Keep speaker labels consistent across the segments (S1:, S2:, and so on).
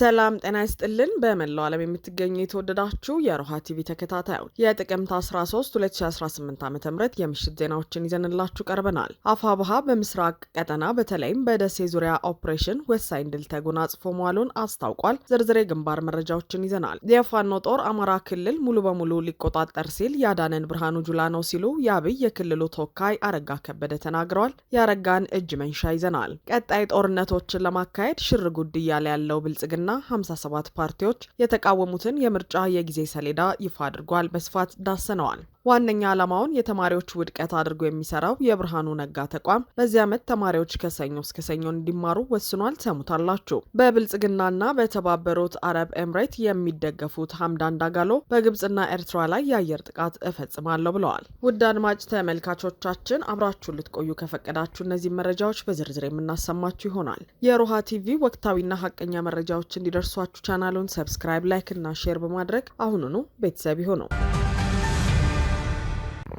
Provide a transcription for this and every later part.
S1: ሰላም ጤና ይስጥልን። በመላው ዓለም የምትገኙ የተወደዳችሁ የሮሃ ቲቪ ተከታታዮች የጥቅምት 13 2018 ዓ ም የምሽት ዜናዎችን ይዘንላችሁ ቀርበናል። አፋብሃ በምስራቅ ቀጠና በተለይም በደሴ ዙሪያ ኦፕሬሽን ወሳኝ ድል ተጎናጽፎ መዋሉን አስታውቋል። ዝርዝሬ ግንባር መረጃዎችን ይዘናል። የፋኖ ጦር አማራ ክልል ሙሉ በሙሉ ሊቆጣጠር ሲል ያዳነን ብርሃኑ ጁላ ነው ሲሉ የአብይ የክልሉ ተወካይ አረጋ ከበደ ተናግረዋል። የአረጋን እጅ መንሻ ይዘናል። ቀጣይ ጦርነቶችን ለማካሄድ ሽር ጉድ እያለ ያለው ብልጽግና 57 ፓርቲዎች የተቃወሙትን የምርጫ የጊዜ ሰሌዳ ይፋ አድርጓል። በስፋት ዳሰነዋል። ዋነኛ ዓላማውን የተማሪዎች ውድቀት አድርጎ የሚሰራው የብርሃኑ ነጋ ተቋም በዚህ ዓመት ተማሪዎች ከሰኞ እስከ ሰኞ እንዲማሩ ወስኗል። ሰሙታላችሁ። በብልጽግናና በተባበሩት አረብ ኤምሬት የሚደገፉት ሀምዳን ዳጋሎ በግብጽና ኤርትራ ላይ የአየር ጥቃት እፈጽማለሁ ብለዋል። ውድ አድማጭ ተመልካቾቻችን አብራችሁ ልትቆዩ ከፈቀዳችሁ እነዚህ መረጃዎች በዝርዝር የምናሰማችሁ ይሆናል። የሮሃ ቲቪ ወቅታዊና ሀቀኛ መረጃዎች እንዲደርሷችሁ ቻናሉን ሰብስክራይብ፣ ላይክ እና ሼር በማድረግ አሁኑኑ ቤተሰብ ይሁኑ።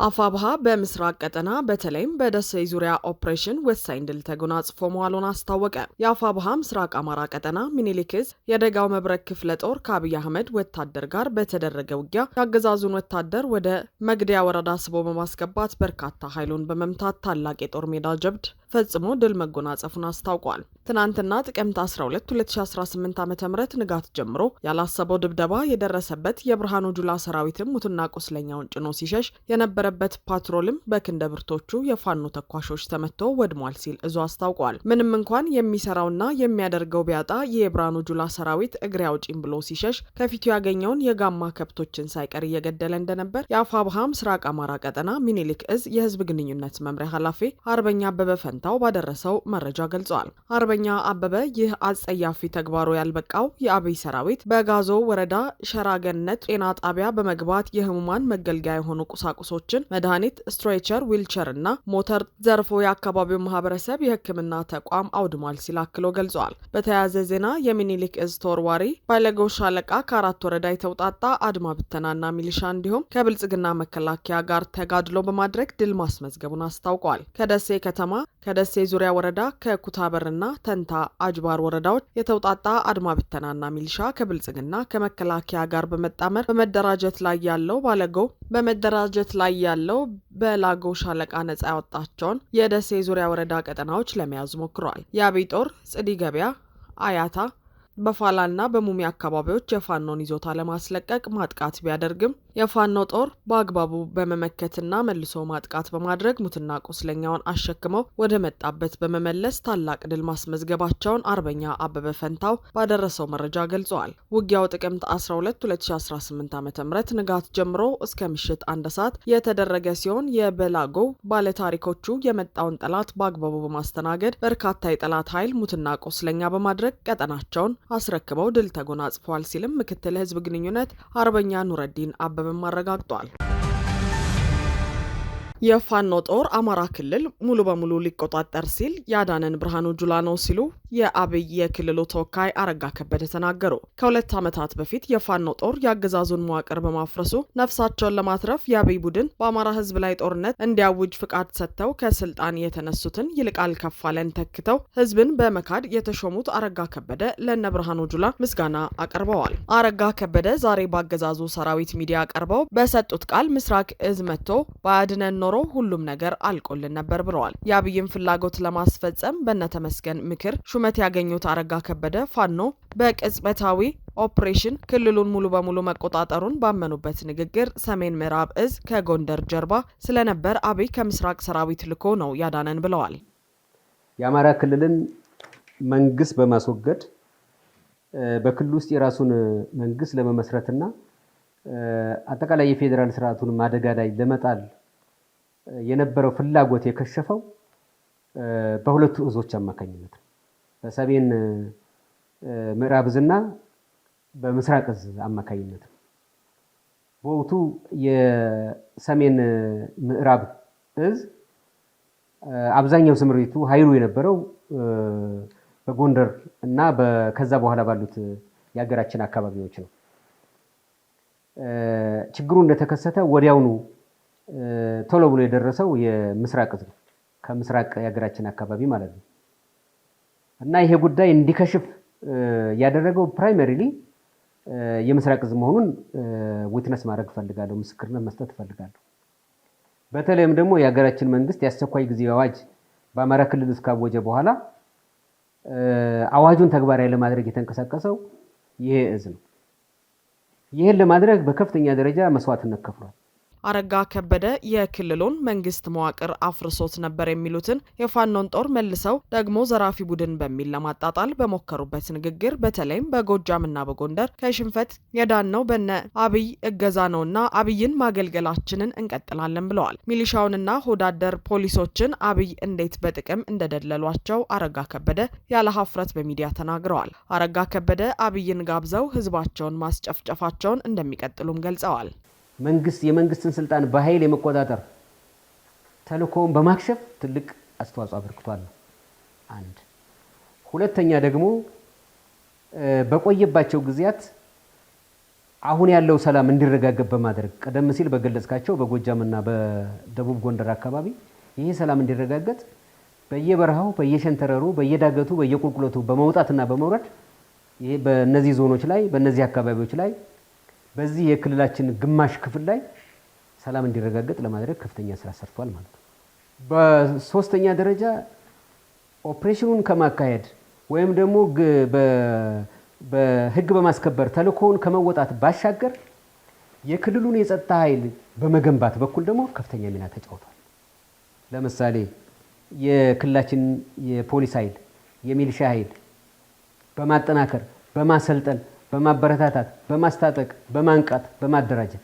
S1: አፋብሃ በምስራቅ ቀጠና በተለይም በደሴ ዙሪያ ኦፕሬሽን ወሳኝ ድል ተጎናጽፎ መዋሉን አስታወቀ። የአፋብሃ ምስራቅ አማራ ቀጠና ሚኒሊክዝ የደጋው መብረክ ክፍለ ጦር ከአብይ አህመድ ወታደር ጋር በተደረገ ውጊያ የአገዛዙን ወታደር ወደ መግደያ ወረዳ ስቦ በማስገባት በርካታ ኃይሉን በመምታት ታላቅ የጦር ሜዳ ጀብድ ፈጽሞ ድል መጎናጸፉን አስታውቋል። ትናንትና ጥቅምት 12 2018 ዓ ም ንጋት ጀምሮ ያላሰበው ድብደባ የደረሰበት የብርሃኑ ጁላ ሰራዊትም ሙትና ቁስለኛውን ጭኖ ሲሸሽ የነበረበት ፓትሮልም በክንደ ብርቶቹ የፋኖ ተኳሾች ተመቶ ወድሟል ሲል እዙ አስታውቋል። ምንም እንኳን የሚሰራውና የሚያደርገው ቢያጣ የብርሃኑ ጁላ ሰራዊት እግሬ አውጪም ብሎ ሲሸሽ ከፊቱ ያገኘውን የጋማ ከብቶችን ሳይቀር እየገደለ እንደነበር የአፋብሃ ምስራቅ አማራ ቀጠና ሚኒሊክ እዝ የህዝብ ግንኙነት መምሪያ ኃላፊ አርበኛ አበበ ፈንታው ባደረሰው መረጃ ገልጿል። አርበኛ አበበ ይህ አጸያፊ ተግባሩ ያልበቃው የአብይ ሰራዊት በጋዞ ወረዳ ሸራገነት ጤና ጣቢያ በመግባት የህሙማን መገልገያ የሆኑ ቁሳቁሶችን፣ መድኃኒት፣ ስትሬቸር፣ ዊልቸር እና ሞተር ዘርፎ የአካባቢው ማህበረሰብ የህክምና ተቋም አውድሟል ሲል አክሎ ገልጿል። በተያያዘ ዜና የሚኒሊክ እዝ ተወርዋሪ ባለጎሽ ሻለቃ ከአራት ወረዳ የተውጣጣ አድማ ብተናና ሚሊሻ እንዲሁም ከብልጽግና መከላከያ ጋር ተጋድሎ በማድረግ ድል ማስመዝገቡን አስታውቋል። ከደሴ ከተማ፣ ከደሴ ዙሪያ ወረዳ፣ ከኩታበርና ተንታ፣ አጅባር ወረዳዎች የተውጣጣ አድማ ብተናና ሚሊሻ ከብልጽግና ከመከላከያ ጋር በመጣመር በመደራጀት ላይ ያለው ባለጎ በመደራጀት ላይ ያለው በላጎ ሻለቃ ነጻ ያወጣቸውን የደሴ ዙሪያ ወረዳ ቀጠናዎች ለመያዝ ሞክሯል። የአቢጦር ጦር ጽዲ ገበያ፣ አያታ በፋላና በሙሚ አካባቢዎች የፋኖን ይዞታ ለማስለቀቅ ማጥቃት ቢያደርግም የፋኖ ጦር በአግባቡ በመመከትና መልሶ ማጥቃት በማድረግ ሙትና ቁስለኛውን አሸክመው ወደ መጣበት በመመለስ ታላቅ ድል ማስመዝገባቸውን አርበኛ አበበ ፈንታው ባደረሰው መረጃ ገልጸዋል። ውጊያው ጥቅምት 12 2018 ዓ ም ንጋት ጀምሮ እስከ ምሽት አንድ ሰዓት የተደረገ ሲሆን የበላጎው ባለታሪኮቹ የመጣውን ጠላት በአግባቡ በማስተናገድ በርካታ የጠላት ኃይል ሙትና ቁስለኛ በማድረግ ቀጠናቸውን አስረክበው ድል ተጎናጽፈዋል ሲልም ምክትል ህዝብ ግንኙነት አርበኛ ኑረዲን አበብም አረጋግጧል። የፋኖ ጦር አማራ ክልል ሙሉ በሙሉ ሊቆጣጠር ሲል ያዳነን ብርሃኑ ጁላ ነው ሲሉ የአብይ የክልሉ ተወካይ አረጋ ከበደ ተናገሩ። ከሁለት ዓመታት በፊት የፋኖ ጦር የአገዛዙን መዋቅር በማፍረሱ ነፍሳቸውን ለማትረፍ የአብይ ቡድን በአማራ ሕዝብ ላይ ጦርነት እንዲያውጅ ፍቃድ ሰጥተው ከስልጣን የተነሱትን ይልቃል ከፋለን ተክተው ሕዝብን በመካድ የተሾሙት አረጋ ከበደ ለነ ብርሃኑ ጁላ ምስጋና አቅርበዋል። አረጋ ከበደ ዛሬ በአገዛዙ ሰራዊት ሚዲያ ቀርበው በሰጡት ቃል ምስራቅ እዝ መጥቶ በአድነን ኖሮ ኖሮ ሁሉም ነገር አልቆልን ነበር ብለዋል። የአብይን ፍላጎት ለማስፈጸም በነተመስገን ምክር ሹመት ያገኙት አረጋ ከበደ ፋኖ በቅጽበታዊ ኦፕሬሽን ክልሉን ሙሉ በሙሉ መቆጣጠሩን ባመኑበት ንግግር ሰሜን ምዕራብ እዝ ከጎንደር ጀርባ ስለነበር አብይ ከምስራቅ ሰራዊት ልኮ ነው ያዳነን ብለዋል።
S2: የአማራ ክልልን መንግስት በማስወገድ በክልል ውስጥ የራሱን መንግስት ለመመስረትና አጠቃላይ የፌዴራል ስርዓቱን አደጋ ላይ ለመጣል የነበረው ፍላጎት የከሸፈው በሁለቱ እዞች አማካኝነት ነው። በሰሜን ምዕራብ እዝና በምስራቅ እዝ አማካኝነት ነው። በወቅቱ የሰሜን ምዕራብ እዝ አብዛኛው ስምሪቱ ኃይሉ የነበረው በጎንደር እና ከዛ በኋላ ባሉት የሀገራችን አካባቢዎች ነው። ችግሩ እንደተከሰተ ወዲያውኑ ቶሎ ብሎ የደረሰው የምስራቅ ህዝብ ከምስራቅ የሀገራችን አካባቢ ማለት ነው። እና ይሄ ጉዳይ እንዲከሽፍ ያደረገው ፕራይመሪሊ የምስራቅ ህዝብ መሆኑን ዊትነስ ማድረግ እፈልጋለሁ፣ ምስክርነት መስጠት እፈልጋለሁ። በተለይም ደግሞ የሀገራችን መንግስት የአስቸኳይ ጊዜ አዋጅ በአማራ ክልል እስካወጀ በኋላ አዋጁን ተግባራዊ ለማድረግ የተንቀሳቀሰው ይሄ እዝ ነው። ይህን ለማድረግ በከፍተኛ ደረጃ መስዋዕትነት ከፍሏል።
S1: አረጋ ከበደ የክልሉን መንግስት መዋቅር አፍርሶት ነበር የሚሉትን የፋኖን ጦር መልሰው ደግሞ ዘራፊ ቡድን በሚል ለማጣጣል በሞከሩበት ንግግር በተለይም በጎጃምና በጎንደር ከሽንፈት የዳነው በነ አብይ እገዛ ነውና አብይን ማገልገላችንን እንቀጥላለን ብለዋል። ሚሊሻውንና ሆዳደር ፖሊሶችን አብይ እንዴት በጥቅም እንደደለሏቸው አረጋ ከበደ ያለ ሀፍረት በሚዲያ ተናግረዋል። አረጋ ከበደ አብይን ጋብዘው ህዝባቸውን ማስጨፍጨፋቸውን እንደሚቀጥሉም ገልጸዋል።
S2: መንግስት የመንግስትን ስልጣን በኃይል የመቆጣጠር ተልእኮውን በማክሸፍ ትልቅ አስተዋጽኦ አበርክቷል። አንድ ሁለተኛ ደግሞ በቆየባቸው ጊዜያት አሁን ያለው ሰላም እንዲረጋገጥ በማድረግ ቀደም ሲል በገለጽካቸው በጎጃም ና በደቡብ ጎንደር አካባቢ ይህ ሰላም እንዲረጋገጥ በየበረሃው፣ በየሸንተረሩ፣ በየዳገቱ፣ በየቁልቁለቱ በመውጣትና በመውረድ ይሄ በእነዚህ ዞኖች ላይ በእነዚህ አካባቢዎች ላይ በዚህ የክልላችን ግማሽ ክፍል ላይ ሰላም እንዲረጋገጥ ለማድረግ ከፍተኛ ስራ ሰርቷል ማለት ነው። በሶስተኛ ደረጃ ኦፕሬሽኑን ከማካሄድ ወይም ደግሞ በህግ በማስከበር ተልእኮውን ከመወጣት ባሻገር የክልሉን የጸጥታ ኃይል በመገንባት በኩል ደግሞ ከፍተኛ ሚና ተጫውቷል። ለምሳሌ የክልላችን የፖሊስ ኃይል፣ የሚሊሻ ኃይል በማጠናከር በማሰልጠን በማበረታታት፣ በማስታጠቅ፣ በማንቃት፣ በማደራጀት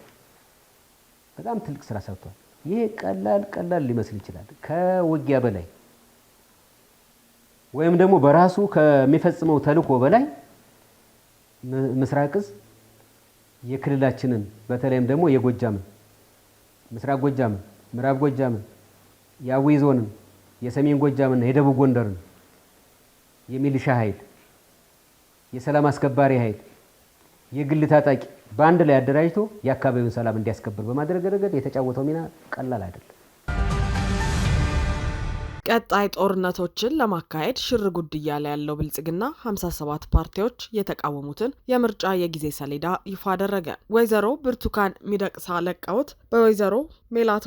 S2: በጣም ትልቅ ስራ ሰርቷል። ይሄ ቀላል ቀላል ሊመስል ይችላል። ከውጊያ በላይ ወይም ደግሞ በራሱ ከሚፈጽመው ተልኮ በላይ ምስራቅ እዝ የክልላችንን በተለይም ደግሞ የጎጃምን፣ ምስራቅ ጎጃምን፣ ምዕራብ ጎጃምን፣ የአዊ ዞንን፣ የሰሜን ጎጃምን፣ የደቡብ ጎንደርን የሚሊሻ ኃይል የሰላም አስከባሪ ኃይል የግል ታጣቂ በአንድ ላይ አደራጅቶ የአካባቢውን ሰላም እንዲያስከብር በማድረግ ረገድ የተጫወተው ሚና ቀላል አይደለም።
S1: ቀጣይ ጦርነቶችን ለማካሄድ ሽር ጉድ እያለ ያለው ብልጽግና 57 ፓርቲዎች የተቃወሙትን የምርጫ የጊዜ ሰሌዳ ይፋ አደረገ። ወይዘሮ ብርቱካን ሚደቅሳ ለቀውት በወይዘሮ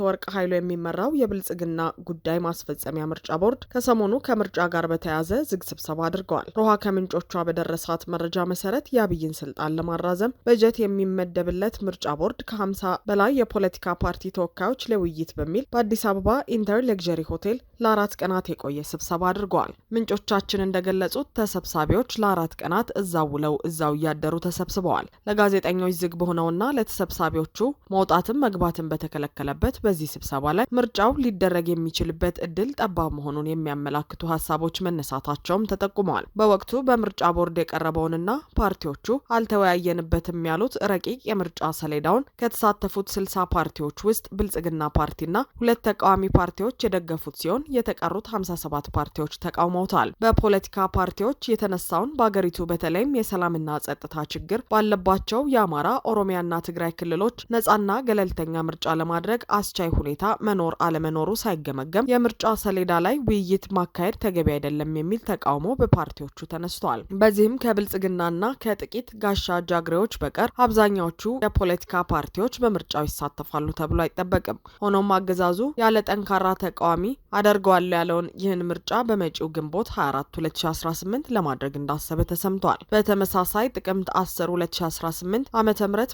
S1: ወርቅ ኃይሉ የሚመራው የብልጽግና ጉዳይ ማስፈጸሚያ ምርጫ ቦርድ ከሰሞኑ ከምርጫ ጋር በተያያዘ ዝግ ስብሰባ አድርገዋል። ሮሃ ከምንጮቿ በደረሳት መረጃ መሰረት የአብይን ስልጣን ለማራዘም በጀት የሚመደብለት ምርጫ ቦርድ ከ50 በላይ የፖለቲካ ፓርቲ ተወካዮች ለውይይት በሚል በአዲስ አበባ ኢንተር ሌግዠሪ ሆቴል ለአራት ቀናት የቆየ ስብሰባ አድርገዋል። ምንጮቻችን እንደገለጹት ተሰብሳቢዎች ለአራት ቀናት እዛው ውለው እዛው እያደሩ ተሰብስበዋል። ለጋዜጠኞች ዝግ በሆነውና ለተሰብሳቢዎቹ መውጣትም መግባትን በተከለከለበት በዚህ ስብሰባ ላይ ምርጫው ሊደረግ የሚችልበት እድል ጠባብ መሆኑን የሚያመላክቱ ሀሳቦች መነሳታቸውም ተጠቁመዋል። በወቅቱ በምርጫ ቦርድ የቀረበውንና ፓርቲዎቹ አልተወያየንበትም ያሉት ረቂቅ የምርጫ ሰሌዳውን ከተሳተፉት ስልሳ ፓርቲዎች ውስጥ ብልጽግና ፓርቲና ሁለት ተቃዋሚ ፓርቲዎች የደገፉት ሲሆን ሲሆን የተቀሩት 57 ፓርቲዎች ተቃውመውታል። በፖለቲካ ፓርቲዎች የተነሳውን በአገሪቱ በተለይም የሰላምና ጸጥታ ችግር ባለባቸው የአማራ ኦሮሚያና ትግራይ ክልሎች ነጻና ገለልተኛ ምርጫ ለማድረግ አስቻይ ሁኔታ መኖር አለመኖሩ ሳይገመገም የምርጫ ሰሌዳ ላይ ውይይት ማካሄድ ተገቢ አይደለም የሚል ተቃውሞ በፓርቲዎቹ ተነስቷል። በዚህም ከብልጽግናና ከጥቂት ጋሻ ጃግሬዎች በቀር አብዛኛዎቹ የፖለቲካ ፓርቲዎች በምርጫው ይሳተፋሉ ተብሎ አይጠበቅም። ሆኖም አገዛዙ ያለ ጠንካራ ተቃዋሚ አደ አደርገዋለሁ ያለውን ይህን ምርጫ በመጪው ግንቦት 24 2018 ለማድረግ እንዳሰበ ተሰምቷል። በተመሳሳይ ጥቅምት 10 2018 ዓ ም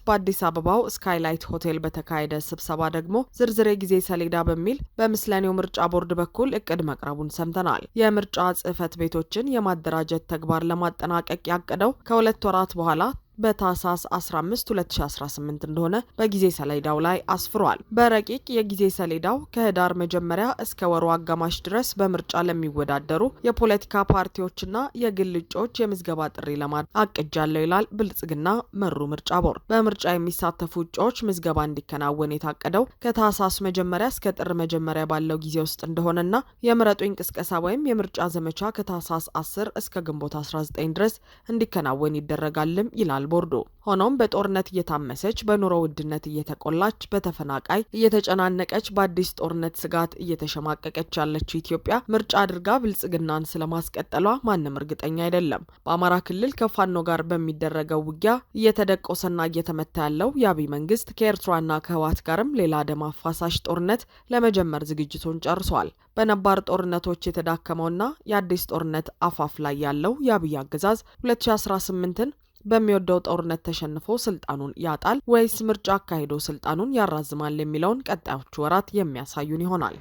S1: በአዲስ አበባው ስካይላይት ሆቴል በተካሄደ ስብሰባ ደግሞ ዝርዝር ጊዜ ሰሌዳ በሚል በምስለኔው ምርጫ ቦርድ በኩል እቅድ መቅረቡን ሰምተናል። የምርጫ ጽህፈት ቤቶችን የማደራጀት ተግባር ለማጠናቀቅ ያቀደው ከሁለት ወራት በኋላ በታህሳስ 15 2018 እንደሆነ በጊዜ ሰሌዳው ላይ አስፍሯል። በረቂቅ የጊዜ ሰሌዳው ከህዳር መጀመሪያ እስከ ወሩ አጋማሽ ድረስ በምርጫ ለሚወዳደሩ የፖለቲካ ፓርቲዎችና የግል እጩዎች የምዝገባ ጥሪ ለማድረግ አቅጃለሁ ይላል ብልጽግና መሩ ምርጫ ቦርድ። በምርጫ የሚሳተፉ እጩዎች ምዝገባ እንዲከናወን የታቀደው ከታህሳስ መጀመሪያ እስከ ጥር መጀመሪያ ባለው ጊዜ ውስጥ እንደሆነና የምረጡ እንቅስቀሳ ወይም የምርጫ ዘመቻ ከታህሳስ 10 እስከ ግንቦት 19 ድረስ እንዲከናወን ይደረጋልም ይላል ቦርዶ ሆኖም በጦርነት እየታመሰች በኑሮ ውድነት እየተቆላች በተፈናቃይ እየተጨናነቀች በአዲስ ጦርነት ስጋት እየተሸማቀቀች ያለችው ኢትዮጵያ ምርጫ አድርጋ ብልጽግናን ስለማስቀጠሏ ማንም እርግጠኛ አይደለም። በአማራ ክልል ከፋኖ ጋር በሚደረገው ውጊያ እየተደቆሰና እየተመታ ያለው የአብይ መንግስት ከኤርትራና ከህወሓት ጋርም ሌላ ደም አፋሳሽ ጦርነት ለመጀመር ዝግጅቱን ጨርሷል። በነባር ጦርነቶች የተዳከመውና የአዲስ ጦርነት አፋፍ ላይ ያለው የአብይ አገዛዝ 2018ን በሚወደው ጦርነት ተሸንፎ ስልጣኑን ያጣል ወይስ ምርጫ አካሂዶ ስልጣኑን ያራዝማል የሚለውን ቀጣዮቹ ወራት የሚያሳዩን ይሆናል።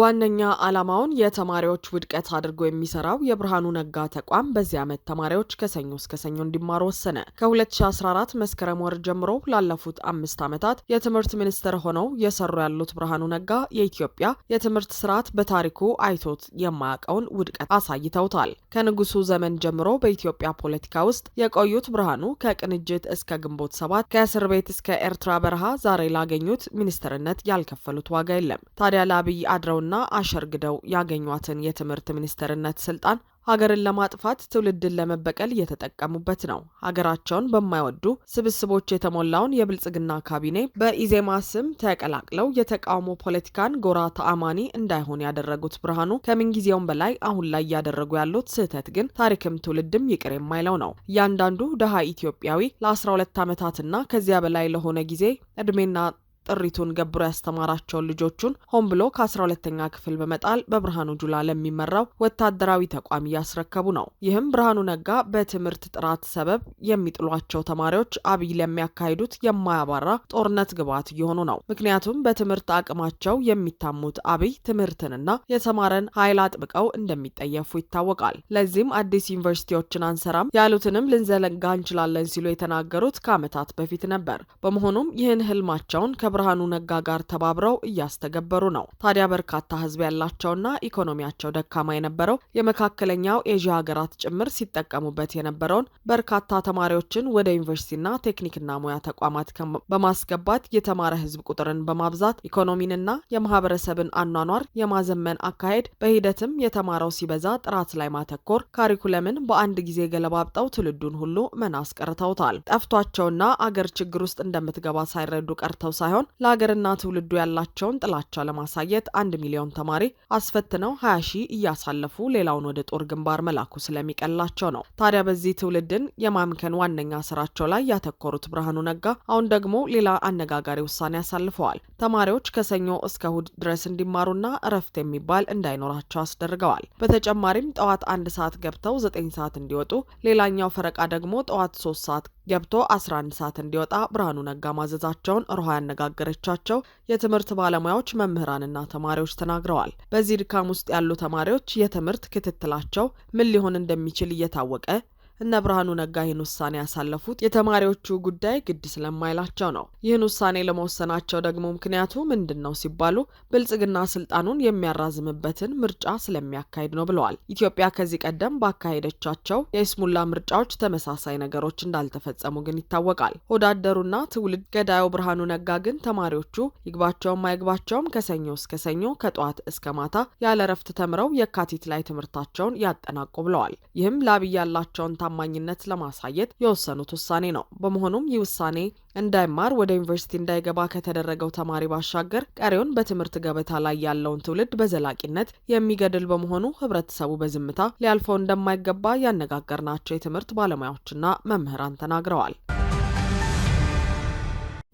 S1: ዋነኛ ዓላማውን የተማሪዎች ውድቀት አድርጎ የሚሰራው የብርሃኑ ነጋ ተቋም በዚህ ዓመት ተማሪዎች ከሰኞ እስከ ሰኞ እንዲማሩ ወሰነ። ከ2014 መስከረም ወር ጀምሮ ላለፉት አምስት ዓመታት የትምህርት ሚኒስትር ሆነው የሰሩ ያሉት ብርሃኑ ነጋ የኢትዮጵያ የትምህርት ስርዓት በታሪኩ አይቶት የማያውቀውን ውድቀት አሳይተውታል። ከንጉሱ ዘመን ጀምሮ በኢትዮጵያ ፖለቲካ ውስጥ የቆዩት ብርሃኑ ከቅንጅት እስከ ግንቦት ሰባት ከእስር ቤት እስከ ኤርትራ በረሃ ዛሬ ላገኙት ሚኒስትርነት ያልከፈሉት ዋጋ የለም። ታዲያ ለአብይ አድረው አጥልለውና አሸርግደው ያገኟትን የትምህርት ሚኒስትርነት ስልጣን ሀገርን ለማጥፋት ትውልድን ለመበቀል እየተጠቀሙበት ነው። ሀገራቸውን በማይወዱ ስብስቦች የተሞላውን የብልጽግና ካቢኔ በኢዜማ ስም ተቀላቅለው የተቃውሞ ፖለቲካን ጎራ ተአማኒ እንዳይሆን ያደረጉት ብርሃኑ ከምንጊዜውም በላይ አሁን ላይ እያደረጉ ያሉት ስህተት ግን ታሪክም ትውልድም ይቅር የማይለው ነው። እያንዳንዱ ድሃ ኢትዮጵያዊ ለ12 ዓመታትና ከዚያ በላይ ለሆነ ጊዜ እድሜና ጥሪቱን ገብሮ ያስተማራቸውን ልጆቹን ሆን ብሎ ከአስራ ሁለተኛ ክፍል በመጣል በብርሃኑ ጁላ ለሚመራው ወታደራዊ ተቋም እያስረከቡ ነው። ይህም ብርሃኑ ነጋ በትምህርት ጥራት ሰበብ የሚጥሏቸው ተማሪዎች አብይ ለሚያካሂዱት የማያባራ ጦርነት ግብዓት እየሆኑ ነው። ምክንያቱም በትምህርት አቅማቸው የሚታሙት አብይ ትምህርትንና የተማረን ኃይል አጥብቀው እንደሚጠየፉ ይታወቃል። ለዚህም አዲስ ዩኒቨርሲቲዎችን አንሰራም ያሉትንም ልንዘለጋ እንችላለን ሲሉ የተናገሩት ከዓመታት በፊት ነበር። በመሆኑም ይህን ህልማቸውን ከ ከብርሃኑ ነጋ ጋር ተባብረው እያስተገበሩ ነው። ታዲያ በርካታ ህዝብ ያላቸውና ኢኮኖሚያቸው ደካማ የነበረው የመካከለኛው ኤዥያ ሀገራት ጭምር ሲጠቀሙበት የነበረውን በርካታ ተማሪዎችን ወደ ዩኒቨርሲቲና ቴክኒክና ሙያ ተቋማት በማስገባት የተማረ ህዝብ ቁጥርን በማብዛት ኢኮኖሚንና የማህበረሰብን አኗኗር የማዘመን አካሄድ በሂደትም የተማረው ሲበዛ ጥራት ላይ ማተኮር ካሪኩለምን በአንድ ጊዜ ገለባብጠው ትውልዱን ሁሉ መናስ ቀርተውታል። ጠፍቷቸውና አገር ችግር ውስጥ እንደምትገባ ሳይረዱ ቀርተው ሳይሆን ሲሆን ለሀገርና ትውልዱ ያላቸውን ጥላቻ ለማሳየት አንድ ሚሊዮን ተማሪ አስፈትነው ሀያ ሺህ እያሳለፉ ሌላውን ወደ ጦር ግንባር መላኩ ስለሚቀላቸው ነው። ታዲያ በዚህ ትውልድን የማምከን ዋነኛ ስራቸው ላይ ያተኮሩት ብርሃኑ ነጋ አሁን ደግሞ ሌላ አነጋጋሪ ውሳኔ አሳልፈዋል። ተማሪዎች ከሰኞ እስከ እሁድ ድረስ እንዲማሩና እረፍት የሚባል እንዳይኖራቸው አስደርገዋል። በተጨማሪም ጠዋት አንድ ሰዓት ገብተው ዘጠኝ ሰዓት እንዲወጡ፣ ሌላኛው ፈረቃ ደግሞ ጠዋት ሶስት ሰዓት ገብቶ 11 ሰዓት እንዲወጣ ብርሃኑ ነጋ ማዘዛቸውን ሮሃ ያነጋገረቻቸው የትምህርት ባለሙያዎች መምህራንና ተማሪዎች ተናግረዋል። በዚህ ድካም ውስጥ ያሉ ተማሪዎች የትምህርት ክትትላቸው ምን ሊሆን እንደሚችል እየታወቀ እነ ብርሃኑ ነጋ ይህን ውሳኔ ያሳለፉት የተማሪዎቹ ጉዳይ ግድ ስለማይላቸው ነው። ይህን ውሳኔ ለመወሰናቸው ደግሞ ምክንያቱ ምንድን ነው ሲባሉ ብልጽግና ስልጣኑን የሚያራዝምበትን ምርጫ ስለሚያካሂድ ነው ብለዋል። ኢትዮጵያ ከዚህ ቀደም ባካሄደቻቸው የይስሙላ ምርጫዎች ተመሳሳይ ነገሮች እንዳልተፈጸሙ ግን ይታወቃል። ወዳደሩና ትውልድ ገዳዩ ብርሃኑ ነጋ ግን ተማሪዎቹ ይግባቸውም አይግባቸውም ከሰኞ እስከ ሰኞ ከጠዋት እስከ ማታ ያለ እረፍት ተምረው የካቲት ላይ ትምህርታቸውን ያጠናቁ ብለዋል። ይህም ለአብይ ያላቸውን ታማኝነት ለማሳየት የወሰኑት ውሳኔ ነው። በመሆኑም ይህ ውሳኔ እንዳይማር ወደ ዩኒቨርሲቲ እንዳይገባ ከተደረገው ተማሪ ባሻገር ቀሪውን በትምህርት ገበታ ላይ ያለውን ትውልድ በዘላቂነት የሚገድል በመሆኑ ህብረተሰቡ በዝምታ ሊያልፈው እንደማይገባ ያነጋገርናቸው የትምህርት ባለሙያዎችና መምህራን ተናግረዋል።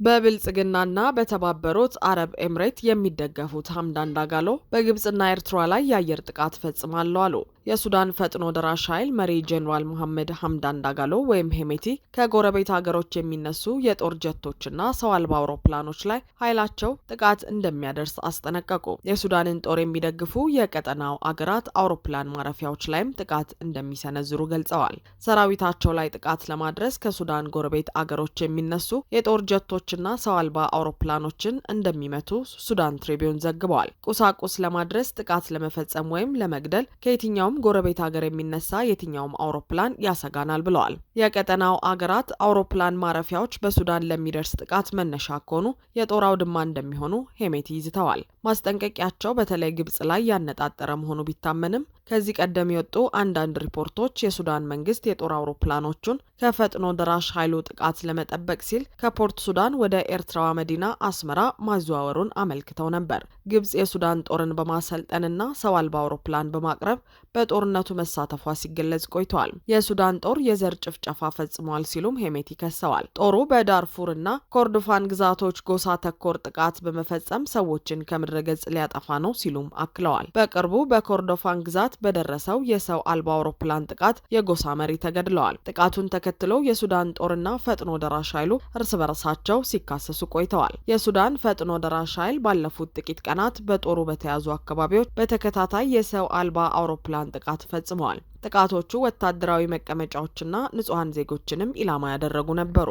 S1: በብልጽግናና በተባበሩት አረብ ኤምሬት የሚደገፉት ሐምዳን ዳጋሎ በግብጽና ኤርትራ ላይ የአየር ጥቃት ፈጽማለሁ አሉ። የሱዳን ፈጥኖ ደራሽ ኃይል መሪ ጄኔራል መሐመድ ሀምዳን ዳጋሎ ወይም ሄሜቲ ከጎረቤት ሀገሮች የሚነሱ የጦር ጀቶችና ሰው አልባ አውሮፕላኖች ላይ ኃይላቸው ጥቃት እንደሚያደርስ አስጠነቀቁ። የሱዳንን ጦር የሚደግፉ የቀጠናው አገራት አውሮፕላን ማረፊያዎች ላይም ጥቃት እንደሚሰነዝሩ ገልጸዋል። ሰራዊታቸው ላይ ጥቃት ለማድረስ ከሱዳን ጎረቤት አገሮች የሚነሱ የጦር ጀቶችና ሰው አልባ አውሮፕላኖችን እንደሚመቱ ሱዳን ትሪቢዩን ዘግበዋል። ቁሳቁስ ለማድረስ ጥቃት ለመፈጸም ወይም ለመግደል ከየትኛውም ጎረቤት ሀገር የሚነሳ የትኛውም አውሮፕላን ያሰጋናል ብለዋል። የቀጠናው አገራት አውሮፕላን ማረፊያዎች በሱዳን ለሚደርስ ጥቃት መነሻ ከሆኑ የጦር አውድማ እንደሚሆኑ ሄሜቲ ይዝተዋል። ማስጠንቀቂያቸው በተለይ ግብጽ ላይ ያነጣጠረ መሆኑ ቢታመንም ከዚህ ቀደም የወጡ አንዳንድ ሪፖርቶች የሱዳን መንግስት የጦር አውሮፕላኖቹን ከፈጥኖ ደራሽ ኃይሉ ጥቃት ለመጠበቅ ሲል ከፖርት ሱዳን ወደ ኤርትራዋ መዲና አስመራ ማዘዋወሩን አመልክተው ነበር። ግብጽ የሱዳን ጦርን በማሰልጠንና ሰው አልባ አውሮፕላን በማቅረብ በጦርነቱ መሳተፏ ሲገለጽ ቆይተዋል። የሱዳን ጦር የዘር ጭፍጨፋ ፈጽሟል ሲሉም ሄሜቲ ከሰዋል። ጦሩ በዳርፉር እና ኮርዶፋን ግዛቶች ጎሳ ተኮር ጥቃት በመፈጸም ሰዎችን ከምድረ ገጽ ሊያጠፋ ነው ሲሉም አክለዋል። በቅርቡ በኮርዶፋን ግዛት በደረሰው የሰው አልባ አውሮፕላን ጥቃት የጎሳ መሪ ተገድለዋል። ጥቃቱን ተከትሎ የሱዳን ጦርና ፈጥኖ ደራሽ ኃይሉ እርስ በርሳቸው ሲካሰሱ ቆይተዋል። የሱዳን ፈጥኖ ደራሽ ኃይል ባለፉት ጥቂት ቀናት በጦሩ በተያዙ አካባቢዎች በተከታታይ የሰው አልባ አውሮፕላን ጥቃት ፈጽመዋል። ጥቃቶቹ ወታደራዊ መቀመጫዎችና ንጹሐን ዜጎችንም ኢላማ ያደረጉ ነበሩ።